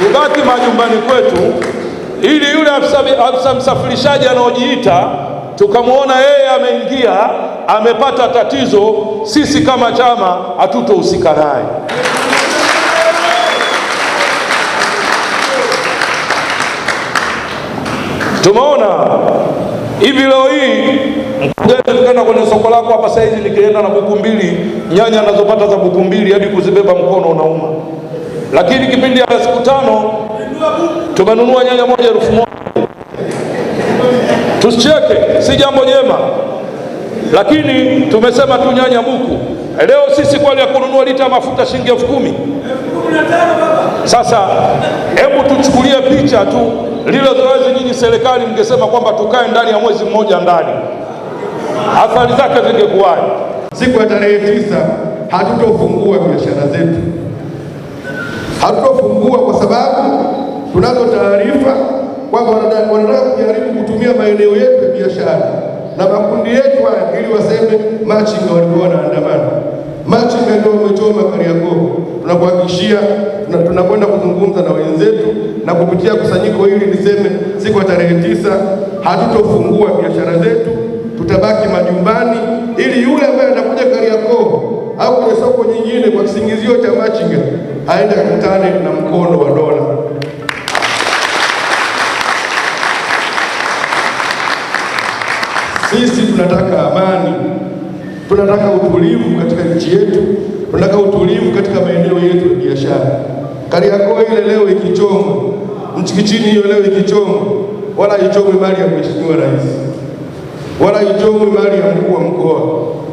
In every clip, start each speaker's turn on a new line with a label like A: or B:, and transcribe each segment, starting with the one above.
A: tubaki majumbani kwetu, ili yule afisa msafirishaji anaojiita tukamwona yeye ameingia amepata tatizo, sisi kama chama hatutohusika naye. Tumeona hivi leo hii tukaenda kwenye soko lako hapa, saizi nikienda na buku mbili, nyanya anazopata za buku mbili hadi kuzibeba mkono unauma lakini kipindi cha siku tano tumenunua nyanya moja elfu moja. Tusicheke, si jambo jema, lakini tumesema tu nyanya buku. Leo sisi kwa ya kununua lita mafuta shilingi elfu kumi. Sasa hebu tuchukulie picha tu lile zoezi, nyinyi serikali mngesema kwamba tukae ndani ya mwezi mmoja ndani, athari zake zingekuwaje? Siku ya tarehe tisa hatutofungua biashara zetu Hatutofungua kwa sababu tunazo taarifa kwamba wanataka kujaribu kutumia maeneo yetu ya biashara na makundi yetu haya ili waseme machinga walikuwa wanaandamana. Machinga ndio wamechoma Kariakoo. Tunakuhakikishia tunakwenda kuzungumza na wenzetu, na kupitia kusanyiko hili niseme, siku ya tarehe tisa hatutofungua biashara zetu, tutabaki majumbani, ili yule ambaye atakuja Kariakoo au kwenye soko nyingine kwa kisingizio cha machinga aende akutane na mkono wa dola. Sisi tunataka amani, tunataka utulivu katika nchi yetu, tunataka utulivu katika maeneo yetu ya biashara. Kariakoo ile leo ikichoma, Mchikichini hiyo leo ikichoma, wala ichomwe mali ya mheshimiwa rais, wala ichomwe mali ya mkuu wa mkoa,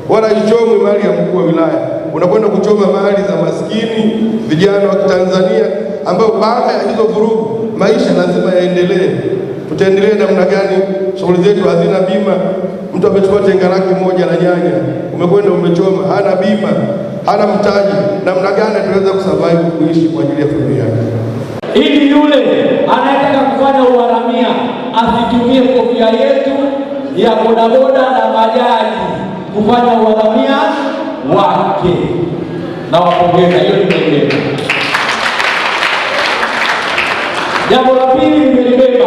A: wala ichomwe mali ya mkuu wa wilaya unakwenda kuchoma mali za maskini vijana wa Kitanzania ambao baada ya hizo vurugu maisha lazima yaendelee. Tutaendelea namna gani? Shughuli zetu hazina bima. Mtu amechukua tenga lake moja la nyanya, umekwenda umechoma, hana bima, hana mtaji. Namna gani ataweza kusurvive kuishi kwa ajili ya familia yake? Ili yule anayetaka kufanya uharamia asitumie kofia yetu ya bodaboda na bajaji kufanya uharamia wa wake na wapongeza, hiyo nimeibeba. Jambo la pili nimelibeba,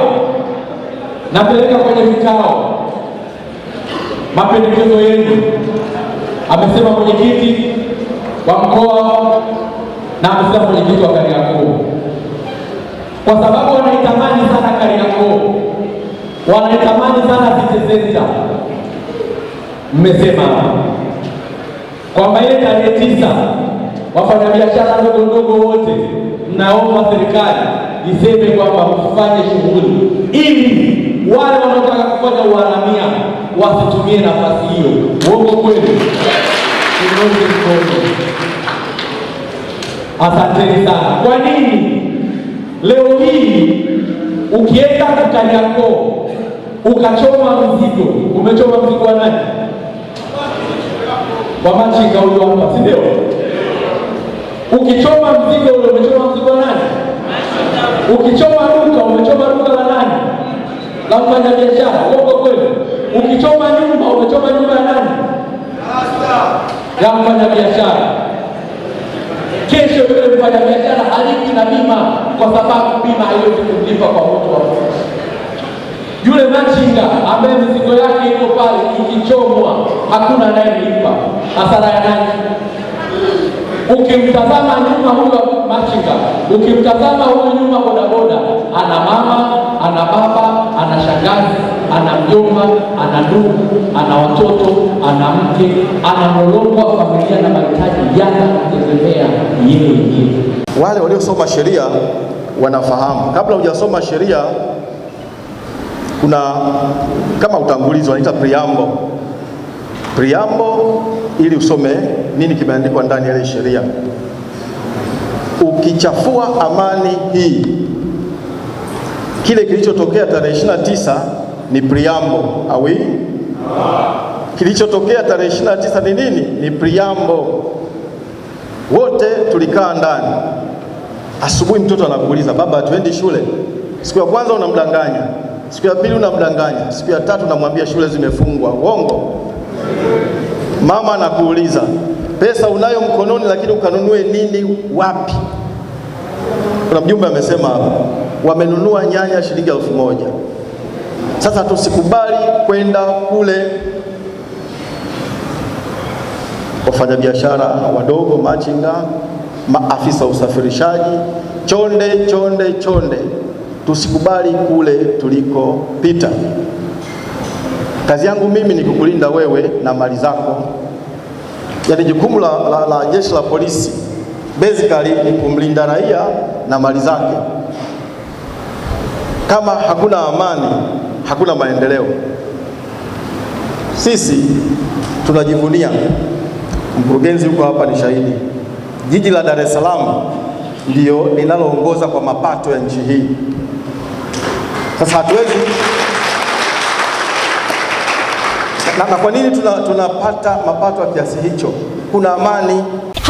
A: napeleka kwenye vikao mapendekezo yenu, amesema mwenyekiti wa mkoa na amesema mwenyekiti wa Kariakoo, kwa sababu wanaitamani sana Kariakoo, wanaitamani sana City mmesema kwamba ile tarehe tisa wafanyabiashara ndogo ndogo wote mnaomba serikali iseme kwamba mfanye shughuli ili wale wanaotaka kufanya uharamia wasitumie nafasi hiyo. Uongo kweli? Uongo kweli? Asanteni sana. Kwa nini leo hii ukienda kukanyako ukachoma mzigo, umechoma mzigo wa nani? wa machi huyo hapa, si ndio? Ukichoma mzigo ule umechoma mzigo nani? Ukichoma duka umechoma duka la nani? La mfanyabiashara. Uongo kweli? Ukichoma nyumba umechoma nyumba ya nani? La mfanyabiashara. Kesho yule mfanyabiashara haliki na bima, kwa sababu bima hiyo tukulipa kwa yule machinga ambaye mizigo yake iko pale ikichomwa, hakuna anayemlipa hasara ya nani? Ukimtazama nyuma huyo machinga, ukimtazama huyo nyuma bodaboda, ana mama, ana baba, ana shangazi, ana mjomba, ana ndugu, ana watoto, ana mke, ana analolongwa familia na mahitaji yana yeye yeye. Wale waliosoma sheria wanafahamu, kabla hujasoma sheria kuna kama utangulizi wanaita priambo priambo, ili usome nini kimeandikwa ndani ya ile sheria. Ukichafua amani hii, kile kilichotokea tarehe 29 ni priambo awi kilichotokea tarehe 29 ni nini? Ni priambo. Wote tulikaa ndani. Asubuhi mtoto anakuuliza, baba, hatuendi shule. Siku ya kwanza unamdanganya siku ya pili unamdanganya, siku ya tatu unamwambia shule zimefungwa. Uongo. Mama anakuuliza pesa unayo mkononi, lakini ukanunue nini wapi? Kuna mjumbe amesema hapa wamenunua nyanya shilingi elfu moja. Sasa tusikubali kwenda kule wafanyabiashara wadogo, machinga, maafisa usafirishaji, chonde chonde chonde tusikubali kule tulikopita. Kazi yangu mimi ni kukulinda wewe na mali zako, yaani jukumu la, la, la jeshi la polisi basically ni kumlinda raia na mali zake. Kama hakuna amani, hakuna maendeleo. Sisi tunajivunia, mkurugenzi yuko hapa ni shahidi, jiji la Dar es Salaam ndiyo linaloongoza kwa mapato ya nchi hii. Sasa hatuwezi na, na kwa nini tunapata tuna mapato ya kiasi hicho? Kuna amani